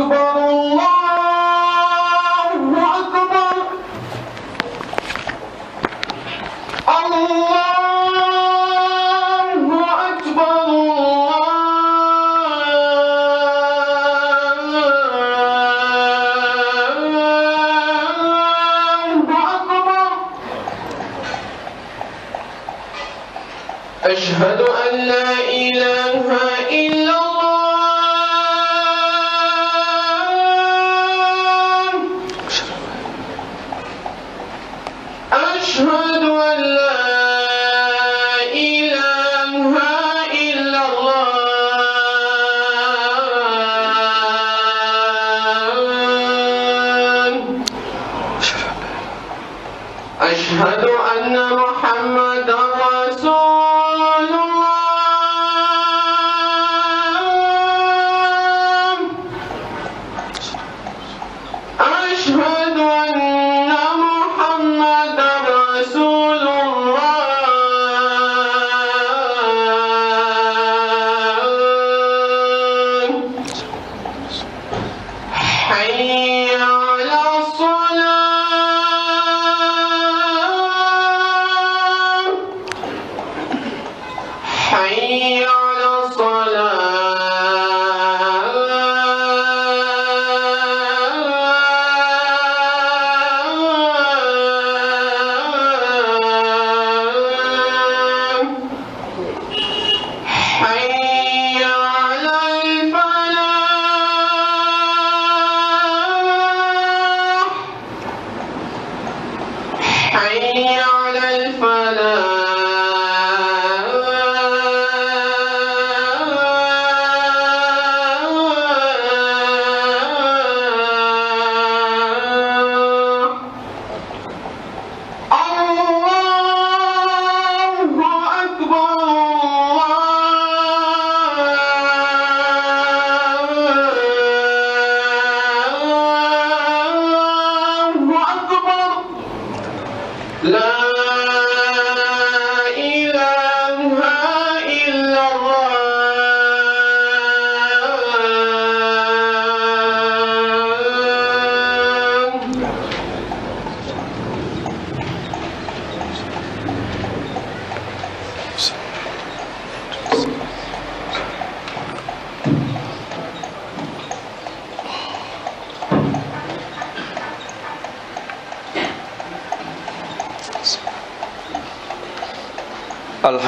Abdou Ba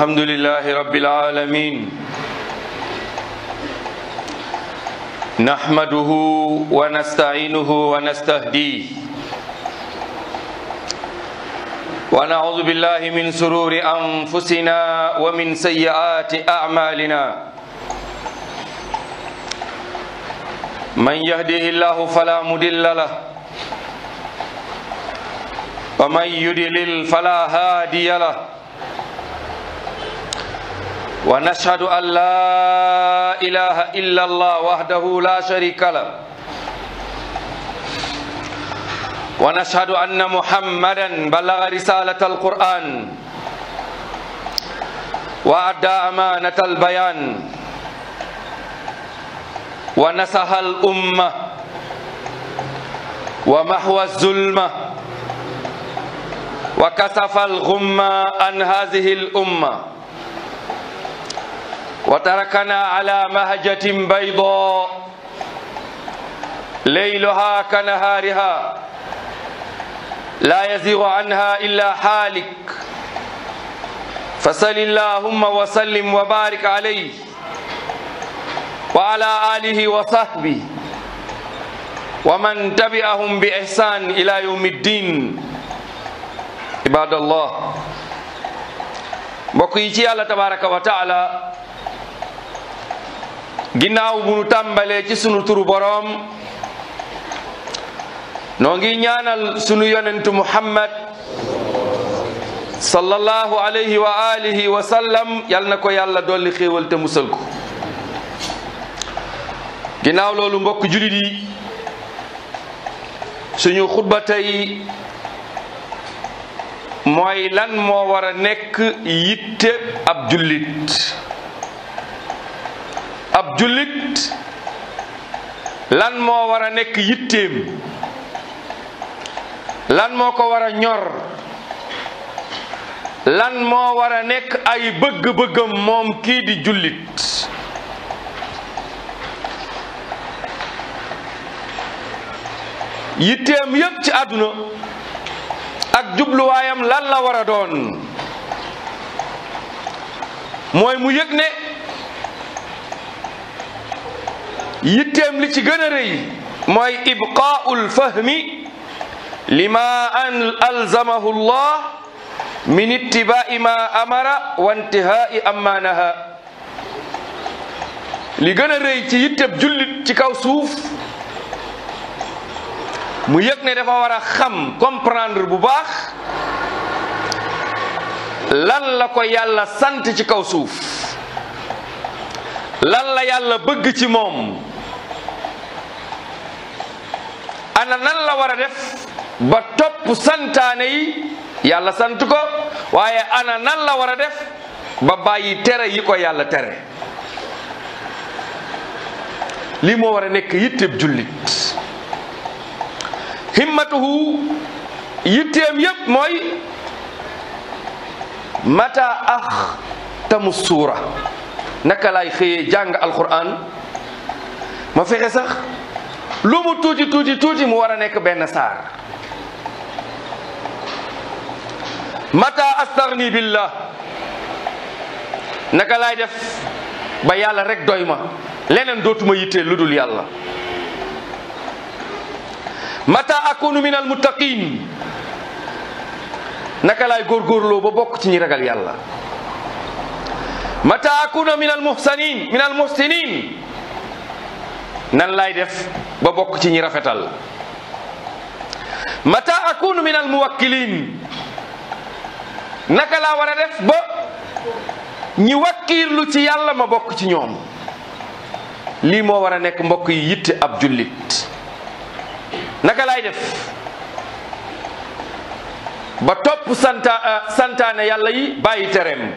الحمد لله رب العالمين نحمده ونستعينه ونستهديه ونعوذ بالله من سرور أنفسنا ومن سيئات أعمالنا من يهده الله فلا مضل له ومن يضلل فلا هادي له ونشهد أن لا إله إلا الله وحده لا شريك له ونشهد أن محمدا بلغ رسالة القرآن وأدى أمانة البيان ونسها الأمة ومحوى الظلمة وكسف الغمة عن هذه الأمة وتركنا على مهجة بيضاء ليلها كنهارها لا يزيغ عنها إلا حالك فسل اللهم وسلم وبارك عليه وعلى آله وصحبه ومن تبعهم بإحسان إلى يوم الدين عباد الله mbokk yi ci yàlla tabaraka wa taala ginaaw bu tàmbalee ci sunu turu boroom noo ngi ñaanal sunu yonentu muhammad sallallahu alayhi wa alihi wa sallam yal na ko yàlla dolli xéewal te musal ko ginnaaw loolu mbokk julit yi suñu xutba tey mooy lan moo war a nekk yitte ab jullit ab jullit lan moo war nekk yitteem lan moo ko war a ñor lan moo war a nekk ay bëgg-bëggam moom kii di jullit yitteem yépp ci àdduna ak jubluwaayam lan la war a doon mooy mu yëg ne yitteem li ci gën a rëy mooy ibqaa'ul fahmi lima an alzamahu llah min ittibaa'i ma amara wa intihaa'i amma li gën a rëy ci yitteeb jullit ci kaw suuf mu yëg ne dafa war a xam comprendre bu baax lan la ko yàlla sant ci kaw suuf lan la yàlla bëgg ci moom ana nan la war a def ba topp santaane yi yàlla sant ko waaye ana nan la war a def ba bàyyi tere yi ko yàlla tere lii moo war a nekk yitteeb jullit himmatuhu yitteem yépp mooy mata ax tamu suura naka laay xëyee jàng alquran ma fexe sax lu mu tuuti tuuti tuuti mu war a nekk benn saar mata astarni billah naka laay def ba yàlla rek doy ma leneen dootuma yittee lu dul yàlla mata akunu min al muttaqin naka laay góorgóorloo ba bokk ci ñi ragal yàlla min al nan laay def ba bokk ci ñi rafetal mata akunu min al naka laa war a def ba ñi wakkiirlu ci yàlla ma bokk ci ñoom lii moo war a nekk mbokk yi yitte ab jullit naka laay def ba topp santa euh, santaane yàlla yi bàyyi tereem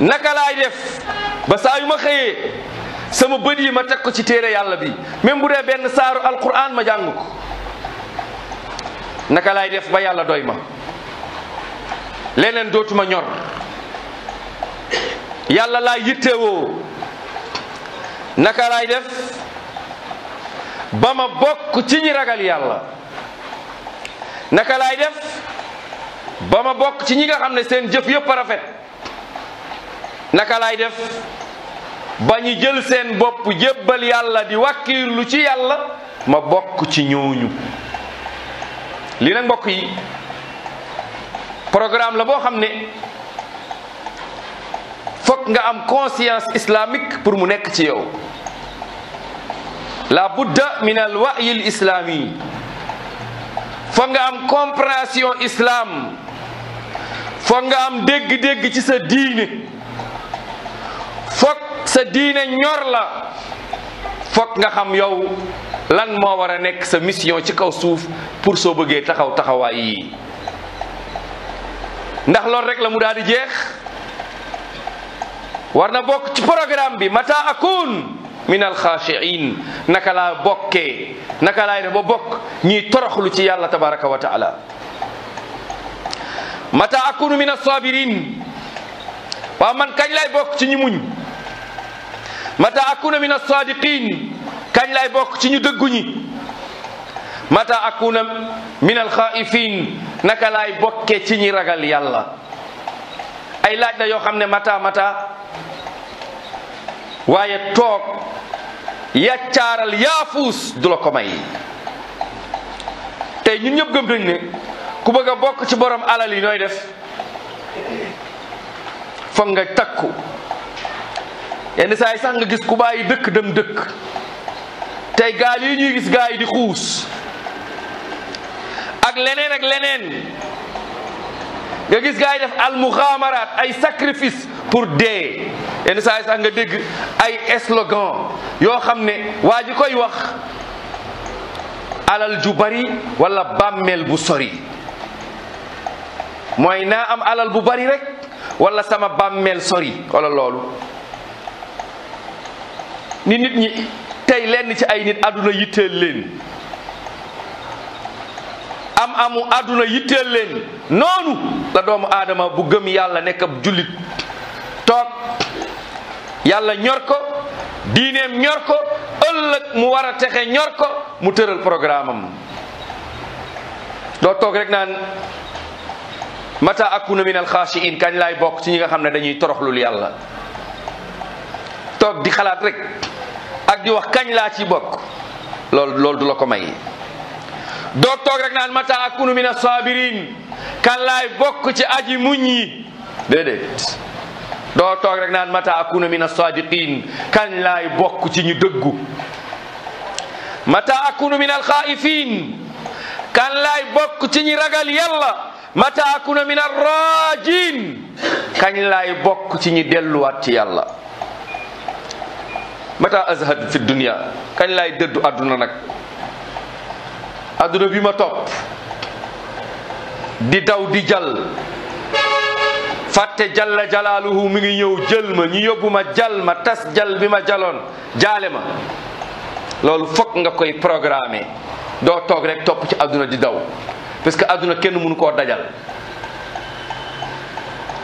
naka laay def ba saa xëyee sama bët yi ma teg ko ci téere yàlla bi même bu dee benn saaru alquran ma jàng ko naka laay def ba yàlla doy ma leneen dootuma ñor yàlla laa yittewoo naka laay def ba ma bokk ci ñi ragal yàlla naka laay def ba ma bokk ci ñi nga xam ne seen jëf yëpp a rafet naka laay def ba ñu jël seen bopp jébbal yàlla di lu ci yàlla ma bokk ci ñooñu lii nag mbokk yi programme la boo xam ne fokk nga am conscience islamique pour mu nekk ci yow la budda min al wa'yil islami fokk nga am compréhension islam fokk nga am dégg-dégg ci sa diine fokk sa diine ñor la foog nga xam yow lan moo war a nekk sa mission ci kaw suuf pour soo bëggee taxaw taxawaay yii ndax loolu rek la mu daal di jeex war na bokk ci programme bi mata akun min alxaashiin naka laa bokkee naka laay def bokk ñiy toroxlu ci yàlla tabaraka wa taala mata akunu min alsabirin waaw man kañ lay bokk ci ñi muñ mata akuna min alsaadiqin kañ laay bokk ci ñu dëgguñi mata akuna min alxaifin naka laay bokke ci ñi ragal yàlla ay laaj la yoo xam ne mata mata waaye toog yaccaaral yaafuus du la ko may tey ñun ñëpp gëm nañ ne ku bëgg a bokk ci borom alal yi nooy def foog nga takku yenn saa yi sax nga gis ku bàyyi dëkk dem dëkk tey gaal yi ñuy gis gaa yi di xuus ak leneen ak leneen nga gis gaay def almuxaamaraat ay sacrifice pour dee yenn saa yi sax nga dégg ay slogan yoo xam ne waa ji koy wax alal ju bari walla bàmmeel bu sori mooy naa am alal bu bari rek wala sama bàmmeel sori walla loolu ni nit ñi tey lenn ci ay nit àdduna yitteel leen am amu àdduna yitteel leen noonu la doomu aadama bu gëm yàlla nekk ab jullit toog yàlla ñor ko diineem ñor ko ëllëg mu war a texe ñor ko mu tëral programme doo toog rek naan mata akuna min alxaasiin kañ laay bokk ci ñi nga xam ne dañuy toroxlul yàlla toog di xalaat rek ak di wax kañ laa ci bokk loolu loolu du la ko may doo toog rek naan mata akunu min asabirin kan laay bokk ci aji muñ yi déedéet doo toog rek naan mata akunu min asadiqin kan laay bokk ci ñu dëggu mata akunu min alxaifin kan laay bokk ci ñi ragal yàlla mata akunu min arrajin kañ laay bokk ci ñi delluwaat ci yàlla mata azhad fi dunia kañ lay dëddu àdduna nag àdduna bi ma topp di daw di jàll fàtte jalla jalaaluhu mi ngi ñëw jël ma ñu yóbbu ma jàll ma tas jàll bi ma jaloon jaale ma loolu fokk nga koy programmer doo toog rek topp ci àdduna di daw parce que àdduna kenn mënu koo dajal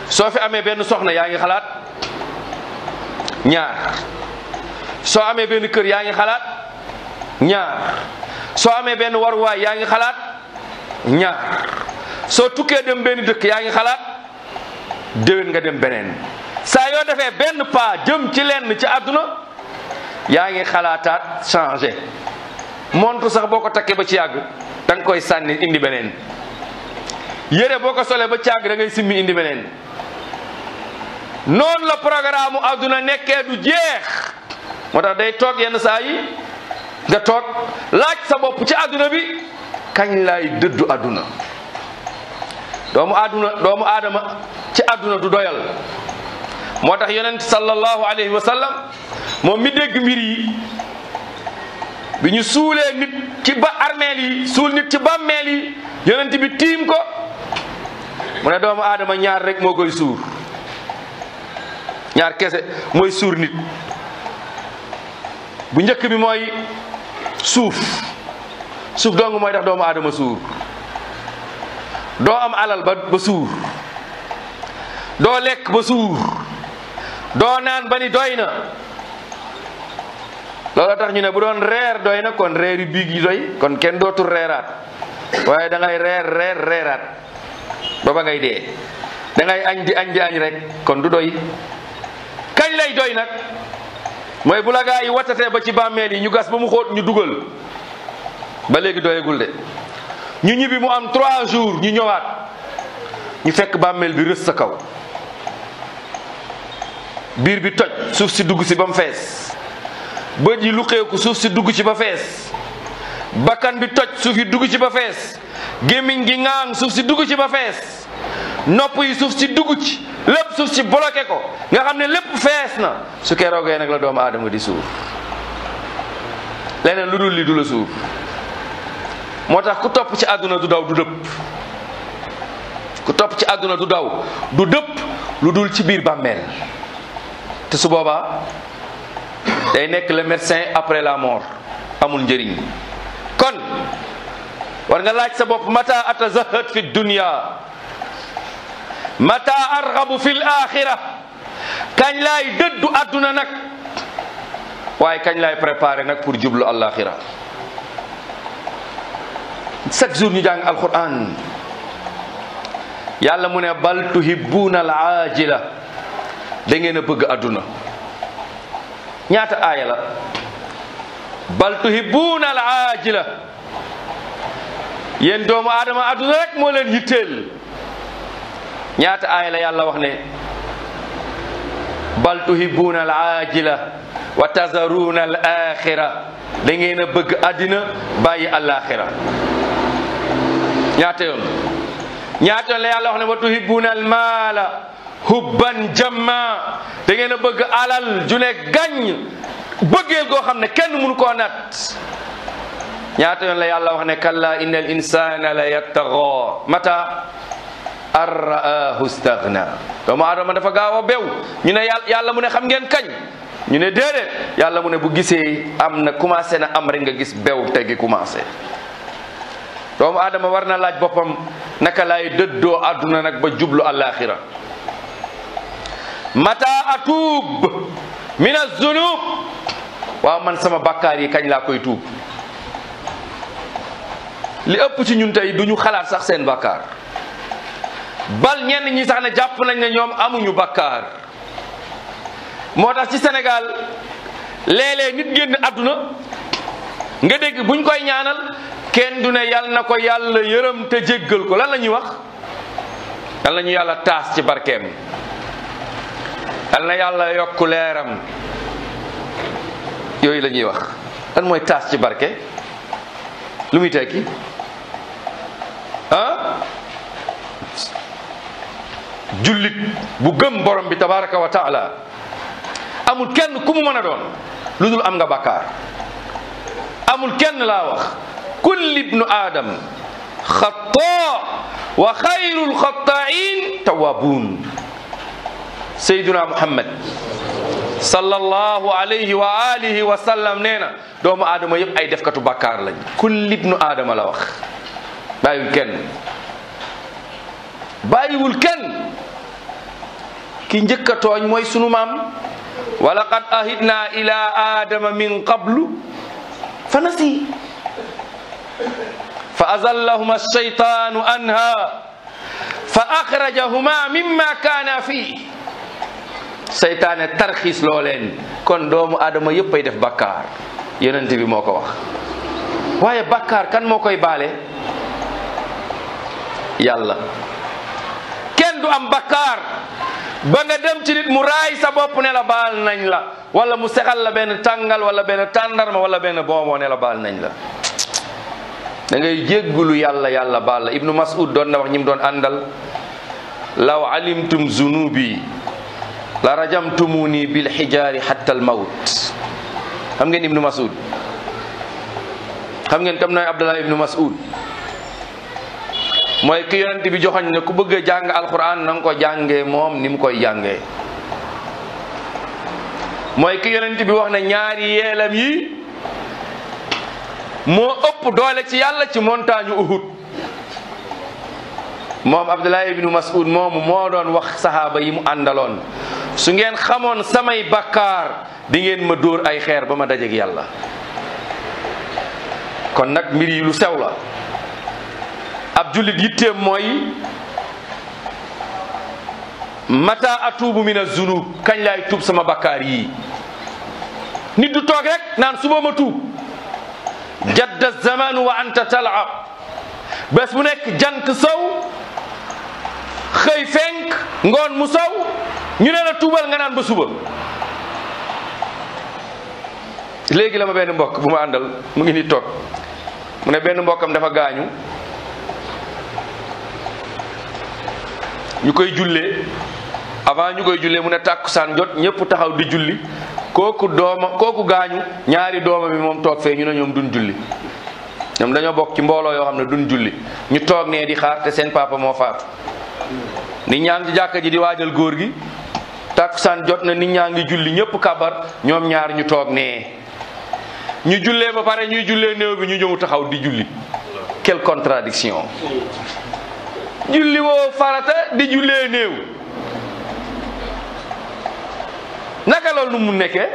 soo fi amee benn soxna yaa ngi xalaat ñaar soo amee benn kër yaa ngi xalaat ñaar soo amee benn waruwaay yaa ngi xalaat ñaar soo tukkee dem benn dëkk yaa ngi xalaat déwén nga dem beneen saa yoo defee benn pas jëm ci lenn ci àdduna yaa ngi xalaataat changé montre sax boo ko takkee ba ci yàgg da koy sànni indi beneen yére boo ko solee ba ci yàgg da ngay simmi indi beneen noonu la programme mu àdduna nekkee du jeex moo tax day toog yenn saa yi nga toog laaj sa bopp ci àdduna bi kañ lay dëddu àdduna doomu àdduna doomu aadama ci àdduna du doyal moo tax yonent sallallahu alayhi wa sallam moom mi dégg mbir yi bi ñu suulee nit ci ba armeel yi suul nit ci bàmmeel yi yonent bi tiim ko mu ne doomu aadama ñaar rek moo koy suur ñaar kese mooy suur nit bu njëkk bi mooy suuf suuf dong mooy tax doomu aadama suur doo am alal ba ba suur doo lekk ba suur doo naan ba ni doy na loolu tax ñu ne bu doon reer doy na kon reer yu biig yi doy kon kenn dootul reeraat waaye dangay reer reer reeraat ba ba ngay dee dangay ngay añ di añ di añ rek kon du doy kañ lay doy nag mooy bu la gaa yi wattatee ba ci bàmmeel yi ñu gas ba mu xóot ñu dugal ba léegi doyagul de ñu ñibbi mu am trois jours ñu ñëwaat ñu fekk bàmmeel bi rës sa kaw biir bi toj suuf si dugg si ba mu fees bët yi luqeeku suuf si dugg ci ba fees bakkan bi toj suuf yi dugg ci ba fees gémmiñ gi ŋaang suuf si dugg ci ba fees nopp yi suuf si dugg ci lépp suuf si bloqué ko nga xam ne lépp fees na su keroogee nag la doomu aadama di suuf leneen lu dul li du la suuf moo tax ku topp ci àdduna du daw du dëpp topp ci àdduna du daw du dëpp lu dul ci biir bàmmeel te su boobaa day nekk le médecin après la mort amul njëriñ kon war nga laaj sa bopp mata atazahat fi dunya mata argabu fi l axira kañ laay dëddu àdduna nag waaye kañ lay préparé nag pour jublu alaxira chaque jour ñu jàng alquran yàlla mu ne bal tuhibbuuna al aajila da ngeen a bëgg àdduna ñaata aaya la bal tuhibbuuna al aajila yéen doomu aadama àdduna rek moo leen yitteel ñaata aaya la yàlla wax ne bal tuhibbuuna al aajila wa tazaruuna da ngeen bëgg àddina bàyyi alaxira ñaata yoon ñaata yoon la yàlla wax ne wa tuhibbuuna al maala bëgg alal ju ne xam ne kenn mënu koo nat ñaata yoon la yàlla wax ne kalla ar raahu stagna doomu aadama dafa gaaw a bew ñu ne yàlla yàlla mu ne xam ngeen kañ ñu ne déedéet yàlla mu ne bu gisee am na commencé na am rek nga gis bew te gi commencé doomu aadama war na laaj boppam naka laay dëddoo àdduna nag ba jublu alaxira mata atuub min azunub waaw man sama bakkaar yi kañ laa koy tuub li ëpp ci ñun tey du ñu xalaat sax seen bakkaar bal ñenn ñi sax ne jàpp nañ ne ñoom amuñu bakkaar moo tax ci senegaal léeg-léeg nit génn àdduna nga dégg buñ koy ñaanal kenn du ne yal na ko yàlla yërëm te jéggal ko lan la ñuy wax lan la yàlla taas ci barkeem yal na yàlla yokk leeram yooyu la ñuy wax lan mooy taas ci barke lu muy tekki jullit bu gëm borom bi tabaraka wa taala amul kenn ku mu mën a doon lu dul am nga bàkkaar amul kenn laa wax kulli ibnu aadam xataa wa xayrul xataain tawaabuun sayduna muhammad sallallahu alayhi wa alihi wa sallam nee na doomu aadama yëpp ay defkatu bàkkaar lañ kulli ibnu aadama la wax bàyyul kenn bàyyiwul kenn ki njëkk tooñ mooy sunu maam wa laqad ahidna ila adama min qablu fa nasi fa azallahuma alcheytanu fa axrajahuma mimma kaana fii seytaane tarxiis loo kon doomu adama yépp ay def bàkkaar yonent bi moo ko wax waaye bàkkaar kan moo koy baale yàlla du am bakkaar ba nga dem ci nit mu raay sa bopp ne la baal nañ la wala mu sexal la benn tàngal wala ben tàndarma wala benn booboo ne la baal nañ la dangay ngay jéggulu yàlla yàlla baal la ibnu mas'ud doon na wax ñi mu doon andal law alimtum zunubi la rajamtumuni bil xijaari xatta al mawt xam ngeen ibnu mas'ud xam ngeen kam nooy abdullah ibnu mas'ud mooy ki yonent bi joxoñ ne ku bëgg jàng alxuraan na nga ko jàngee moom ni mu koy jànge mooy ki yonent bi wax na ñaari yeelam yi moo ëpp doole ci yàlla ci montagne Uhud moom Abdullah ibnu Mas'ud moomu moo doon wax saxaaba yi mu àndaloon su ngeen xamoon samay bakkaar di ngeen ma dóor ay xeer ba ma dajeeg yàlla kon nag mbir yi lu sew la ab jullit yitteem mooy mata atuubu min azunub kañ laay tuub sama bakkaar yi nit du toog rek naan suba ma tuub jadda zamanu wa anta talab bés bu nekk janq sow xëy fenk ngoon mu sow ñu ne la tuubal nga naan ba suba léegi la ma benn mbokk bu ma àndal mu ngi ni toog mu ne benn mbokkam dafa gaañu ñu koy jullee avant ñu koy jullee mu ne saan jot ñëpp taxaw di julli kooku dooma kooku gaañu ñaari dooma bi moom toog fee ñu ne ñoom duñ julli ñoom dañoo bokk ci mbooloo yoo xam ne duñ julli ñu toog nee di xaar te seen papa moo faatu nit ñaa ngi ci jàkka ji di waajal góor gi tàkkusaan jot na nit ñaa ngi julli ñëpp kabar ñoom ñaar ñu toog nee ñu jullee ba pare ñuy jullee néew bi ñu ñëw taxaw di julli quelle contradiction julli woo farata di jullee néew naka lool nu mu nekkee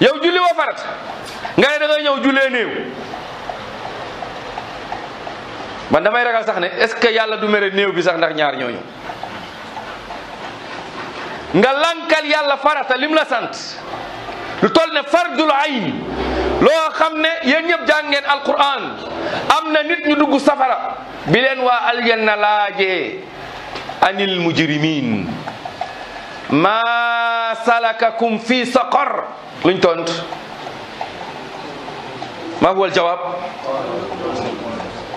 yow julli woo nga ne da ñëw jullee néew man damay ragal sax ne est-ce que yàlla du mere néew bi sax ndax ñaar ñooñu nga lankal yàlla farata lim la sant lu toll ne fardul ay loo xam ne yéen ñëpp jàng ngeen alquran am na nit ñu dugg safara bi leen waa aljanna laajee anil mujrimin maa salakakum fi saqar luñ tont maa huwa aljawaab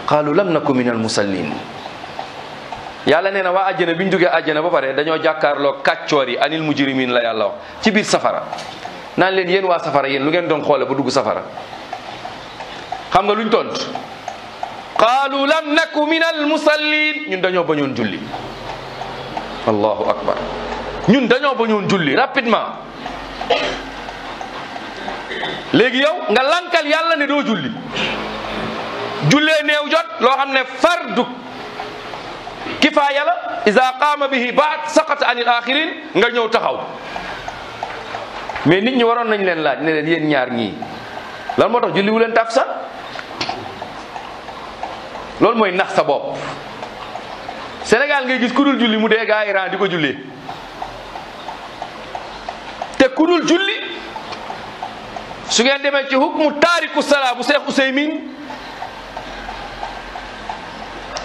qaalu lam naku min almusallin yàlla nee na waa àjjana bi ñu jógee àjjana ba pare dañoo jàkkaarloo kàccoor yi anil mujrimin la yàlla wax ci biir safara naan leen yéen waa safara yéen lu ngeen doon xoole ba dugg safara xam nga luñ tont qaalu lam naku min almusallin ñun dañoo bañoon julli allahu akbar ñun dañoo bañoon julli rapidement léegi yow nga lankal yàlla ne doo julli jullee néew jot loo xam ne fardu kifaaya la iza qaama bihi baat saqata anil axirin nga ñëw taxaw mais nit ñi waroon nañ leen laaj ne leen yéen ñaar ñii lan moo tax julli wu leen loolu mooy nax sa bopp Sénégal ngay gis ku dul julli mu dee gaa Iran di ko jullee te ku julli su ngeen demee ci hukmu salaa bu Seex Useymin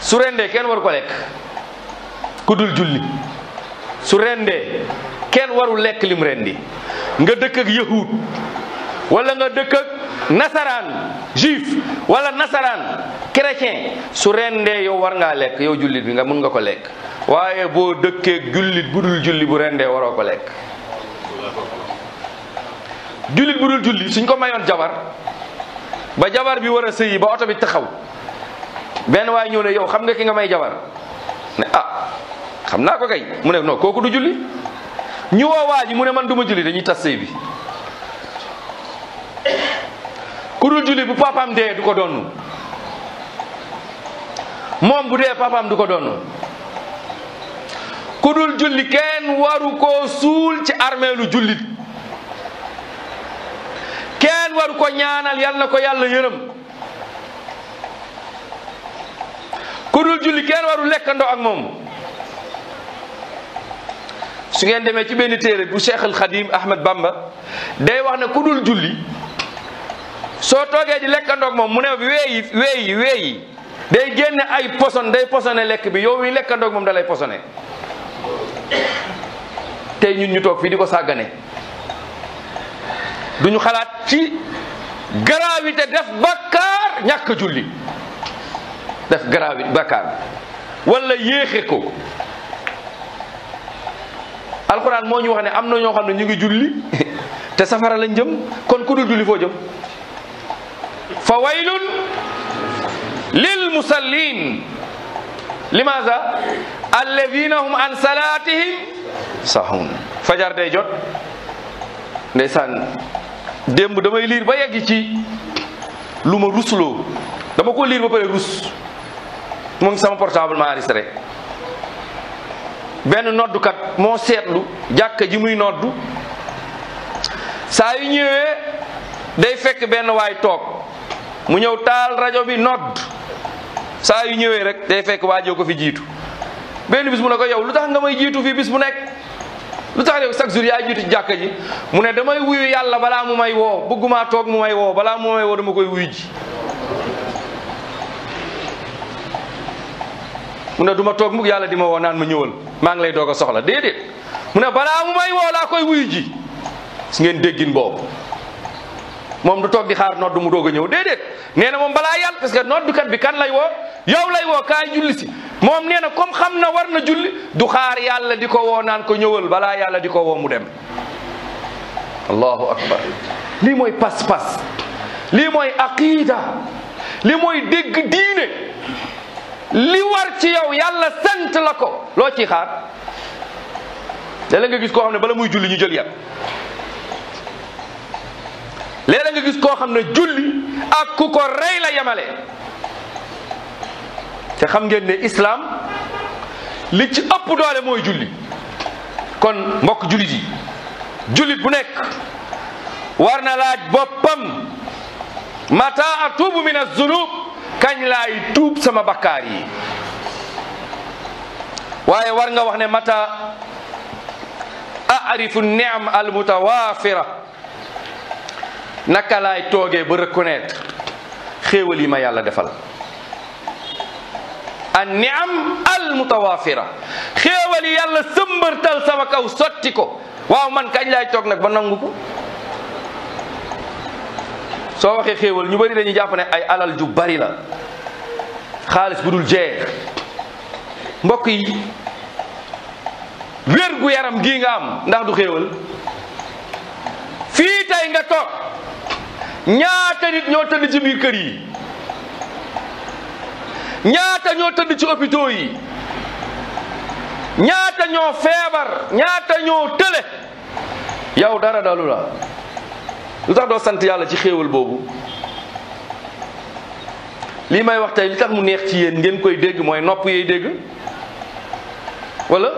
su rendee kenn waru ko lekk ku dul julli su rendee kenn waru lekk lim rendi nga dëkk ak yahud wala nga dëkk nasaraan juif walla nasaraan chrétien su rendee yow war ngaa lekk yow jullit bi nga mun nga ko lekk waaye boo dëkkee jullit bu dul julli bu rendee waroo ko lekk jullit bu dul julli suñ ko mayoon jabar ba jabar bi war a sëyi ba oto bi taxaw benn waaye ñëw ne yow xam nga ki nga may jabar ne ah xam naa ko kay mu ne non kooku du julli ñu woo waa ji mu ne man duma ma julli dañuy tas sëy bi ku dul julli bu papaam dee du ko doon moom bu dee papaam du ko doon ku dul julli kenn waru koo suul ci armeelu jullit kenn waru ko ñaanal yal na ko yàlla yërëm ku julli kenn waru lekkandoo ak moom su ngeen demee ci benn téere bu Cheikh al Khadim Ahmed Bamba day wax ne ku julli soo toogee di lekkandoo ak moom mu ne weeyi weeyi weeyi day génne ay poson day posone lekk bi yow wi lekkandoog moom dalay posone tey ñu toog fii di ko sàggane du ñu xalaat ci gravité def bàkkaar ñàkk julli def gravité bàkkaar wala yéexe ko alxuraan moo ñu wax ne am na ñoo xam ne ñu ngi julli te safara lañ jëm kon ku dul julli foo jëm fa waylun lil musallin limaza alladina hum an salatihim sahun fajar day jot ndeysaan démb damay liir ba yegg ci lu ma rusloo dama ko liir ba pare rus mu ngi sama portable ma enregistré benn noddukat moo seetlu jàkka ji muy noddu saa yu ñëwee day fekk benn waay toog mu ñëw taal rajo bi nodd saa yu ñëwee rek day fekk waajoo ko fi jiitu benn bis mu ne ko yow lu tax nga may jiitu fii bis bu nekk lu tax yow chaque jour yaa jiitu jàkka ji mu ne damay wuyu yàlla balaa mu may woo bëggumaa toog mu may woo balaa mu may woo dama koy wuyu ji mu ne du ma toog mukk yàlla di ma woo naan ma ñëwal maa ngi lay doog soxla déedéet mu ne balaa mu may koy wuyu ji su ngeen déggin boobu moom du toog di xaar noddu mu doog a ñëw déedéet nee na moom balaa yàlla parce que noddukat bi kan lay woo yow lay woo kaay julli si moom nee na comme xam na war na julli du xaar yàlla di ko woo naan ko ñëwal balaa yàlla di ko woo mu dem allahu akbar lii mooy pas-pas lii mooy aqida li mooy dégg diine li war ci yow yàlla sant la ko loo ciy xaar da la nga gis koo xam ne bala muy julli ñu jël yàpp léeg nga gis koo xam ne julli ak ku ko rey la yemale te xam ngeen ne islaam li ci ëpp doole mooy julli kon mbokk jullit ji jullit bu nekk war na laaj boppam mata atuubu min azunub kañ laay tuub sama bakkaar waaye war nga wax ne mata arifu niam al mutawafira naka lay toogee ba reconnaître xéewal yi ma yàlla defal an niam al mutawaafira xéewal yi yàlla sëmbërtal sama kaw sotti ko waaw man kañ laay toog nag ba nangu ko soo waxee xéewal ñu bari dañuy jàpp ne ay alal ju bari la xaalis bu dul jeex mbokk yi wér gu yaram gii nga am ndax du xéewal fii tey nga toog ñaata nit ñoo tëdd ci biir kër yi ñaata ñoo tëdd ci hôpitaux yi ñaata ñoo feebar ñaata ñoo tële yow dara dalu la lu tax doo sant yàlla ci xéewal boobu lii may wax tey li tax mu neex ci yéen ngeen koy dégg mooy nopp yey dégg walla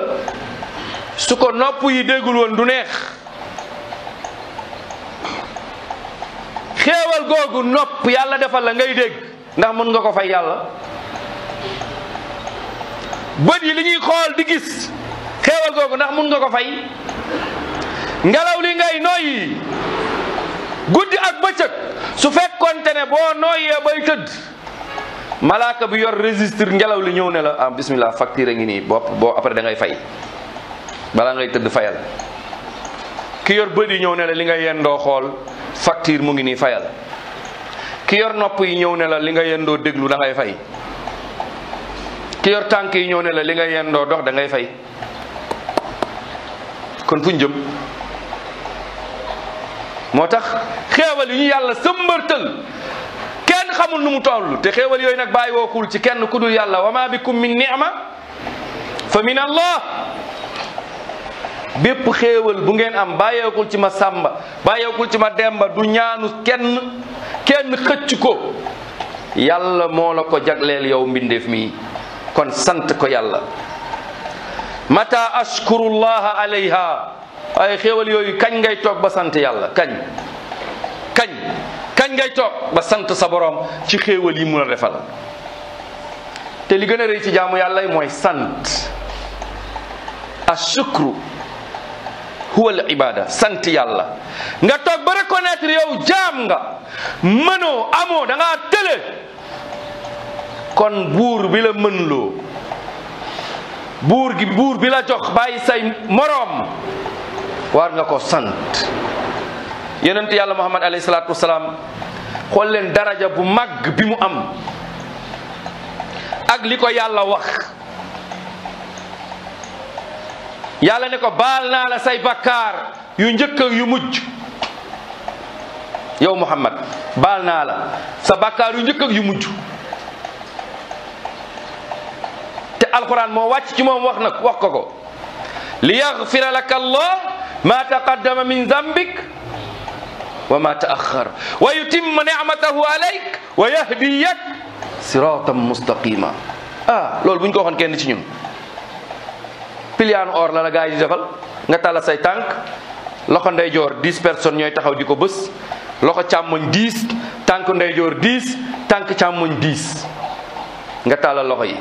su ko nopp yi déggul woon du neex xéewal googu nopp yàlla defal la ngay dégg ndax mën nga ko fay yàlla bët yi li ñuy xool di gis xéewal googu ndax mën nga ko fay ngelaw li ngay noyyi guddi ak bëccëg su fekkonte ne boo nooyee bay tëdd malaaka bi yor registre ngelaw li ñëw ne la ah bismillah facture a ngi nii bopp boo après da ngay fay balaa ngay tëdd fayal ki yor bët yi ñëw ne la li nga yendoo xool facture mu ngi nii fayal ki yor nopp yi ñëw ne la li nga yendoo déglu da ngay fay ki yor tànk yi ñëw ne la li nga yendoo dox dangay ngay fay kon fuñ jëm moo tax xéewal yu ñu yàlla sëmbërtël kenn xamul nu mu toll te xéewal yooyu nag bàyyi wookul ci kenn ku dul yàlla wa ma bikum min ni'ma fa min allah bépp xéewal bu ngeen am bàyyeekul ci ma sàmba bàyyeekul ci ma demba du ñaanu kenn kenn xëcc ko yàlla moo la ko jagleel yow mbindeef mii kon sant ko yàlla mata ashkurullaha alayha ay xéewal yooyu kañ ngay toog ba sant yàlla kañ kañ kañ ngay toog ba sant sa boroom ci xéewal yi mun a defal te li gën a rëy ci jaamu yàlla mooy sant ashukru huwal ibaada sant yàlla nga toog ba reconnaître yow jaam nga mënoo amoo danga tële kon buur bi la mën loo buur gi buur bi la jox bàyyi say moroom war nga ko sant yonent yàlla muhammad alayhi salaatu wasalaam xool leen daraja bu màgg bi mu am ak li ko yàlla wax yàlla ne ko baal naa la say bakkaar yu njëkk ak yu mujj yow Muhammad baal naa la sa bakkaar yu njëkk ak yu mujj te alquran moo wàcc ci moom wax nag wax ko ko li yaxfira laka allah ma taqaddama min zambik wa ma taaxar wa yutimma nicmatahu alayk wa yahdiyak siratan mustaqima ah loolu bu ñu ko waxoon kenn ci ñun pilianu or la la gars yi di defal nga tàllal say tànk loxo ndeyjoor 10 personnes ñooy taxaw di ko bës loxo càmmoñ 10 tànk ndeyjoor 10 tànk càmmoñ 10 nga tàllal loxo yi.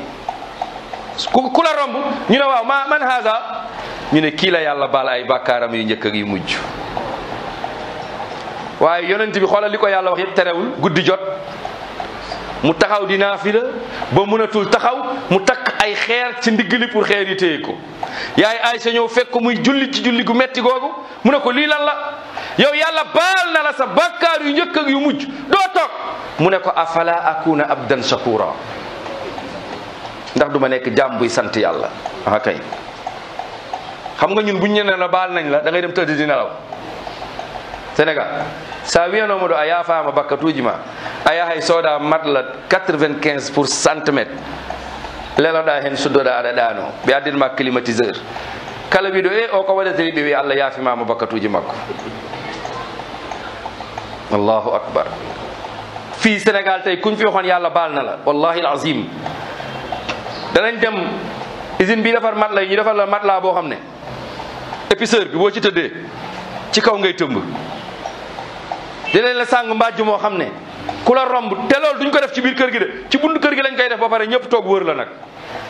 ku ku la romb ñu ne waaw man haza ñu ne kii la yàlla baal ay bàkkaaram yu njëkk ak yu mujj waaye yonent bi xoolal li ko yàlla wax yëpp terewul guddi jot. mu taxaw di naafila ba mënatul taxaw mu takk ay xeer ci ndigg li pour xeer yi téye ko yaay Aysa ñëw fekk muy julli ci julli gu metti googu mu ne ko lii lan la yow yàlla baal na la sa bàkkaar yu njëkk ak yu mujj doo toog mu ne ko afala akuna abdan shakura ndax duma nekk jaam buy sant yàlla ah kay xam nga ñun bu ñene la baal nañ la da dem tëdd di nelaw Sénégal sa wiyanomo ɗo a yafama bakkatuji ma a yahay sooda matla 95 pour centmétre leloɗa hen suddoɗa aɗa ɗano ɓe addinma climatiseur kala wiɗo e eh, o ko waɗatani ɓe wi allah yaafimama bakkatuji makko allahu akbar fi sénégal tay kuñ fi waxoon yàlla baal na la wallahi alazim danañ dem usine bi defar matelas yi ñu defar la boo xam ne épaisseur bi boo ci tëddee ci kaw ngay tëmb dinañ la sàng mbàjj moo xam ne ku la romb te loolu duñ ko def ci biir kër gi de ci buntu kër gi lañ koy def ba pare ñëpp toog wër la nag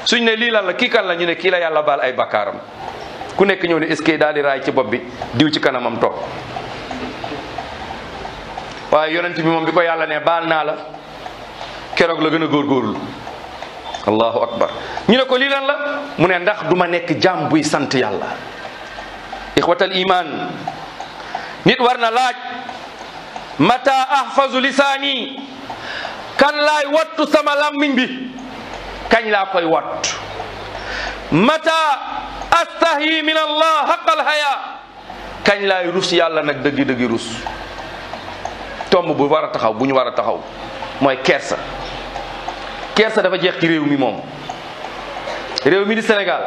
suñ ne lii la kii kan la ñu ne kii la yàlla baal ay ku nekk ñëw ne est-ce raay ci bopp bi diw ci kanamam toog waaye yonent bi moom bi ko yàlla ne baal naa la keroog la gën a góor góorgóorlu allahu akbar ñu ne ko lii lan la mu ne ndax duma nekk jaam buy sant yàlla ixwatal iman nit war na laaj mata ahfazu lisaani kan laay wattu sama làmmiñ bi kañ laa koy wattu mata astahi min allah xaqal haya kañ laay rus yàlla nag dëgg dëggi rus tomb bu war a taxaw bu ñu war a taxaw mooy kersa kersa dafa jeex ci réew mi moom réew mi di Sénégal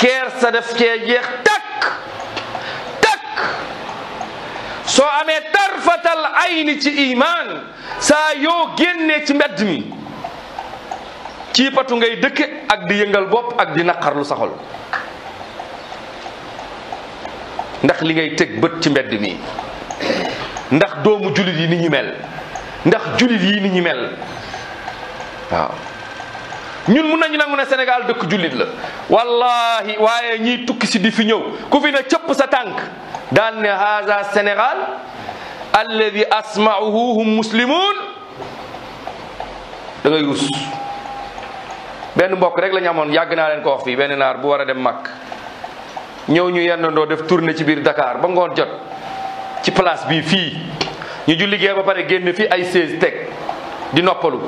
kersa daf cee jeex takk soo amee tarfatal ayni ci iman saa yoo génnee ci mbedd mi ci patu ngay dëkk ak di yëngal bopp ak di naqarlu saxol ndax li ngay teg bët ci mbedd mi ndax doomu julit yi ni ñu mel ndax julit yi ni ñu mel waaw ñun mun nañu nangu ne Sénégal dëkk julit la wallahi waaye ñiy tukki si di fi ñëw ku fi ne cëpp sa tànk daal ne haza Sénégal alladi asmauhu hum muslimun da ngay benn mbokk rek la ñu amoon yàgg naa leen koo fii benn naar bu war a dem mag ñëw ñu yenn ndoo def tournée ci biir dakaar ba ngoon jot ci place bii fii ñu julli gee ba pare génn fii ay seize teg di noppalu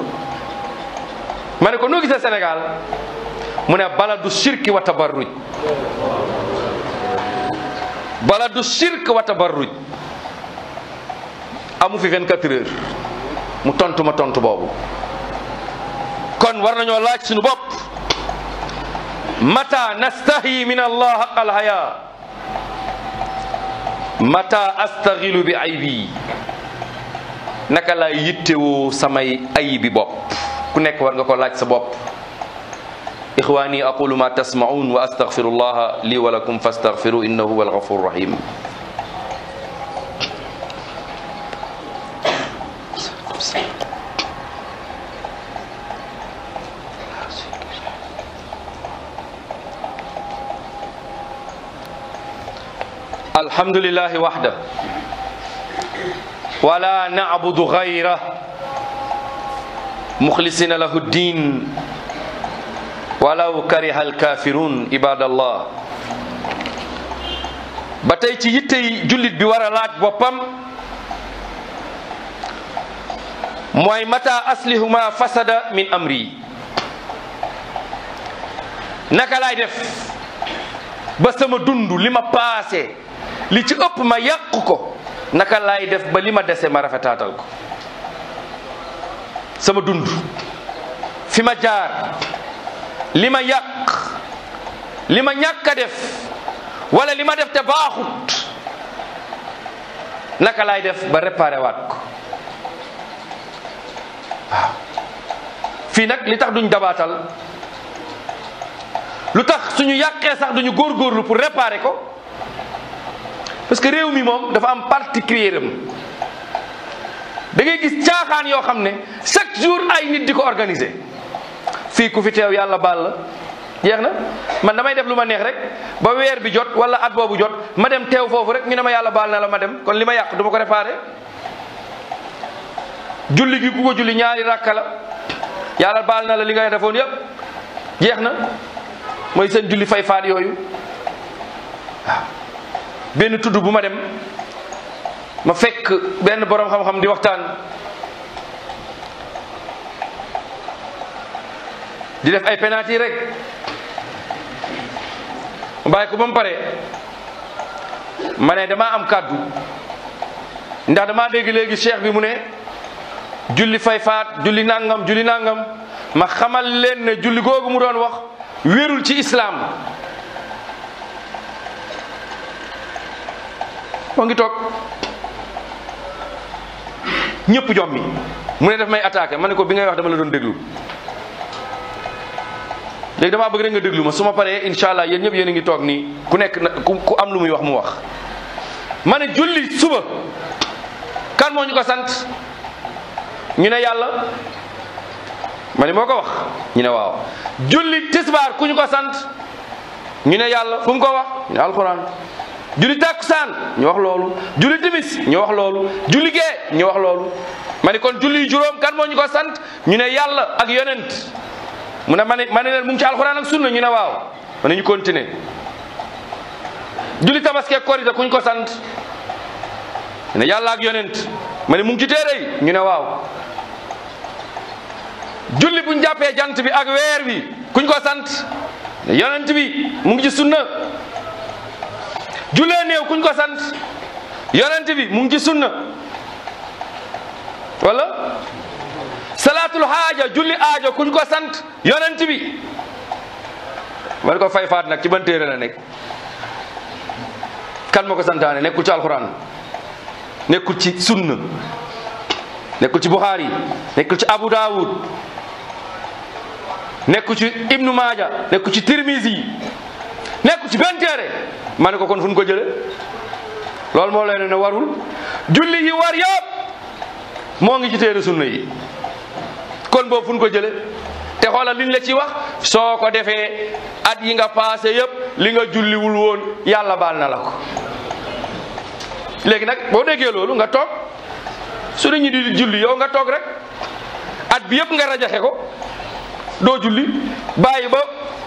ma ne ko noo gisee Sénégal mu ne baladu shirki wa tabarruj bala du shirk wa tabarruj amu fi 24 heures mu tontu ma tontu boobu kon war nañoo laaj suñu bopp mata nastahi min allah haqq al mata astagil bi aybi naka laay yittewoo samay ayibi bopp ku nekk war nga ko laaj sa bopp ixwaani aqulu ma tasmaun wa astaghfirullaha li wa lakum fastaghfiru innahu huwal ghafurur rahim alhamdulillahi waxda wala na'budu ghayra mukhlisina lahu diin walaw kariha alkaafiruun ibadallah ba tey ci yittey jullit bi war a laaj boppam mooy mata aslihuma fasada min amri naka laay def ba sama dund lima ma paase li ci ëpp ma yàq ko naka laay def ba li ma dese ma rafetaatal ko sama dund fi ma jaar li ma yàq li ma ñàkk a def wala li ma def te baaxut naka laay def ba répare waat ko fii nag li tax duñ dabaatal lu tax suñu yàqee sax duñu góor góorlu pour réparer ko parce que réew mi moom dafa am particulier dangay gis caaxaan yoo xam ne chaque jour ay nit di ko organiser fii ku fi teew yàlla baal la jeex na man damay def lu ma neex rek ba weer bi jot wala at boobu jot ma dem teew foofu rek ñu ne ma yàlla baal na la ma dem kon li ma yàq du ma ko réparé julli gi ku julli ñaari rakka la yàlla baal na la li nga defoon yëpp jeex na mooy seen julli fay faat yooyu benn tudd bu ma dem ma fekk benn borom xam-xam di waxtaan di def ay penalty rek mu ko ba mu pare ma ne damaa am kàddu ndax damaa dégg léegi cheikh bi mu ne julli fay faat julli nangam julli nangam ma xamal leen ne julli googu mu doon wax wéerul ci islaam moo ngi toog ñëpp jommi mu ne daf may attaqué ma ne ko bi ngay wax dama la doon déglu léegi damaa bëgg rek nga déglu ma su ma paree incha allah yéen ñëpp yéen a ngi toog nii ku nekk na ku am lu muy wax mu wax. ma ne julli suba kan moo ñu ko sant ñu ne yàlla ma ne moo ko wax ñu ne waaw julli tisbaar ku ñu ko sant ñu ne yàlla fu mu ko wax ñu ne alxuraan. julli takkusaan ñu wax loolu julli timis ñu wax loolu julli gee ñu wax loolu ma ne kon julli juróom kan moo ñu ko sant ñu ne yàlla ak yonent mu ne ma ne ma ne leen mu ngi ci alxuraan sunna ñu ne waaw ma ne ñu continuer julli tabaski kori korite kuñ ko sant ne yàlla ak yonent ma ne mu ngi ci téere ñu ne waaw julli buñ jàppee jant bi ak weer bi kuñ ko sant ne yonent bi mu ngi ci sunna jullee néew kuñ ko sant yonent bi mu ngi ci sunna wala salaatul haaja julli aajo kuñ ko sant yonent bi wala ko fay faat nag ci ban la nekk kan ma ko santaane nekkul ci alxuraan nekkul ci sunna nekkul ci buxaari nekkul ci abu daawud nekkul ci ibnu maaja nekkul ci tirmisi nekkul ci benn téere ma ne ko kon fu ko jële loolu moo lay ne warul julli yi war yëpp moo ngi ci téere sunna yi kon boobu fu ko jële te xoolal liñ la ci wax soo ko defee at yi nga passé yëpp li nga julliwul woon yàlla baal na la ko léegi nag boo déggee loolu nga toog su nit ñi di julli yow nga toog rek at bi yëpp nga rajaxe ko doo julli bàyyi ba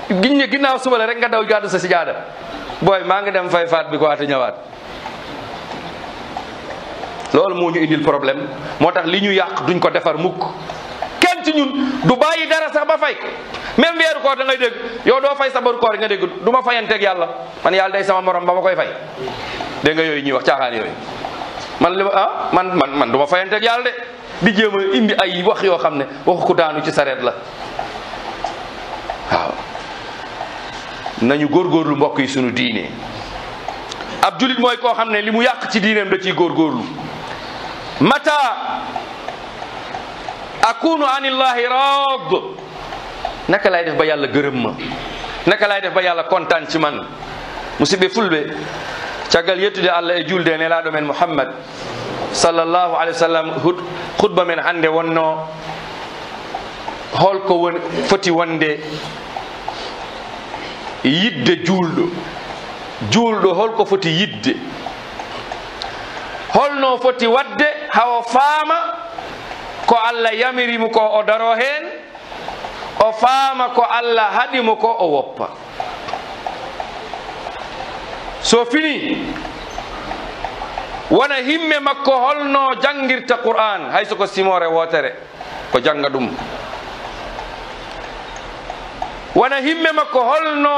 giñ ne ginnaaw suba la rek nga daw gàddu sa si jaada booy maa ngi dem fay faat bi ko ata ñëwaat loolu moo ñu indil problème moo tax li ñu yàq duñ ko defar mukk kenn ci ñun du bàyyi dara sax ba fay même weeru koor da ngay dégg yow doo fay sa baru koor nga dégg du ma fayanteeg yàlla man yàlla day sama morom ba ma koy fay dégg nga yooyu ñuy wax caaxaan yooyu man li ah man man man du ma fayanteeg yàlla de di jéem a indi ay wax yoo xam ne waxu ko daanu ci sareet la waaw nañu góorgóorlu mbokk yi suñu diine ab julit mooy koo xam ne li mu yàq ci diineem da ciy góorgóorlu mata akunu anillahi raad naka laay def ba yàlla gërëm ma naka laay def ba yàlla kontaan ci man musidɓe fulɓe caggal yettude allah e julde nelaɗo men mouhammad sallllahu alih wa sallam hutba men hannde wonno holko foti wonde yidde juulɗo juulɗo holko foti yidde holno foti wadde hawo faama ko allah yamirimo ko o daro heen o faama ko allah haɗimo ko o woppa so fini wona himme makko holno janngirta qur'an hay soko simore wotere ko jannga ɗum wona himme makko holno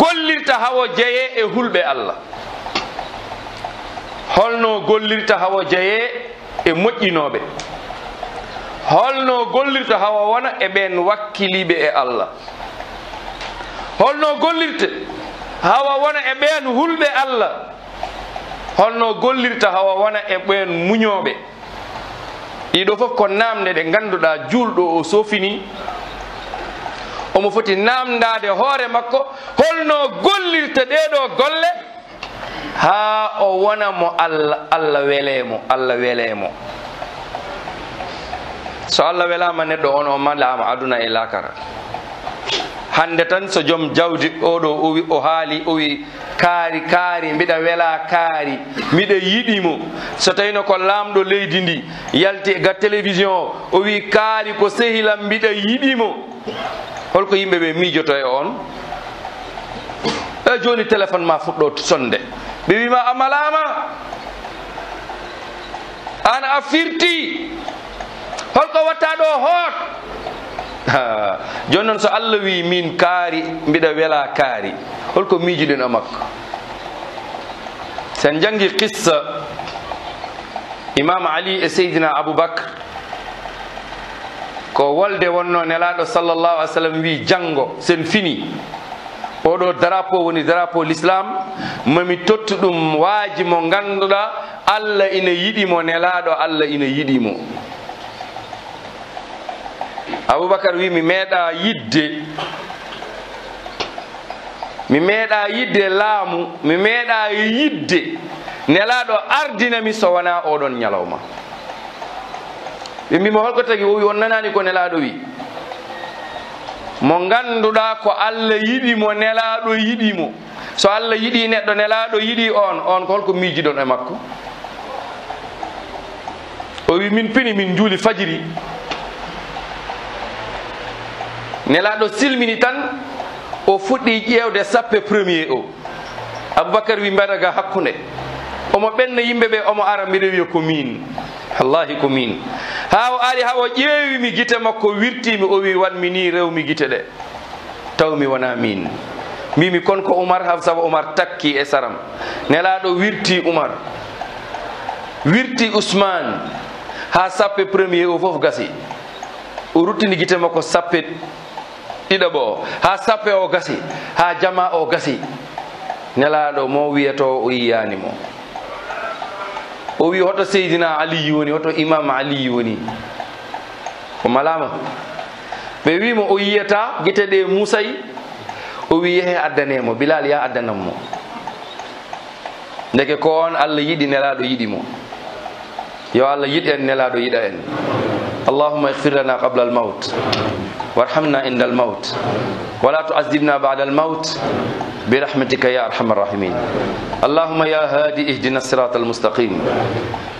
gollirta hawo jeye e hulɓe allah holno gollirta hawo jeye e moƴƴinoɓe holno gollirta hawa wona e ɓen wakkiliɓe e allah holno gollirte hawa wona e ɓen hulɓe e allah holno gollirta hawa wona e ɓen muñoɓe ɗiɗo fof ko namde ɗe ganduɗa julɗo o sofini omo foti namdade hoore makko holno gollirta ɗeɗo golle ha o mo allah allah allah weleemo so allah welama neɗɗo on o malama aduna e lakara hande tan so joom jawdi oɗo o o haali o kaari kaari mbiɗa wela kaari miɗa yiɗimo so tawino ko laamɗo leydi ndi yalti ga télévision o o kaari ko sehilam mbiɗa yiɗimo holko yimɓe ɓe miijoto on ta joni téléphone ma fuɗɗo sonde ɓe wima a malama an a firti holko watta ɗo hoot joni so allah wi min kaari mbiɗa wela kaari holko miijiɗen o makko sen jangi qissa imam ali e seydina aboubacre ko wolde wonno nelaɗo sallllahu alih wi janngo sen fini oɗo drapeau woni drapeau l'islam mami tottu ɗum waaji mo ngannduɗa allah ina yiɗimo nelaɗo allah ina yiɗimo aboubacar wi mi mi meeɗa yidde laamu mi meeɗa yidde nelaɗo ardinami so wona oɗon ñalawma ɓe mbimo holko tagi o on nanani ko nelaɗo wi mo ganduɗa ko allah yiɗi mo nelaɗo yiɗi mo so allah yiɗi neɗɗo nelaɗo yiɗi on on ko holko miijiɗon e makko o wi min pini min juuli fajiri nelaɗo silmini tan o fuɗɗi ƴewde sappe premier o aboubacar wi mbaɗaga hakkunde omo ɓenna yimɓe ɓe omo ara mbiɗa wiya ko min wallahi ko min ha o ari ha gite makko wirtimi o wi wanmi ni rewmi gite ɗe taw mi wona min mbimi kon ko oumar ham saabu takki e saram nelaɗo wirti oumar wirti ousmane ha sappe premier o foof gasi o ruttini guite makko sappe ɗiɗaɓo o sappe o gasi ha jama o gasi nelaɗo mo wiyato o yiyanimo o hoto seydina aliyu woni hoto imam aliyu woni o ɓe wimo o yiyata ɗe musay o wi addanemo bilal ya addananmo deke ko on allah yiɗi nelaɗo yiɗi yo allah yiɗ nelaɗo yiɗa en allahuma ixfir lana qabla almawt warhamna inda almawt wala tuazibna bada almawt birahmatika ya arhamar rahimin allahuma ya hadi ihdina sirata almustaqim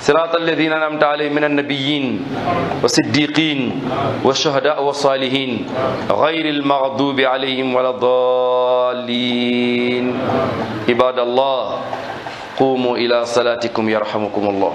sirata alladina anamta alayhim min annabiyin wasiddiqin washuhada wasalihin gayri almaghdubi alayhim wala dalin ibadallah qumu ila salatikum yarhamukum allah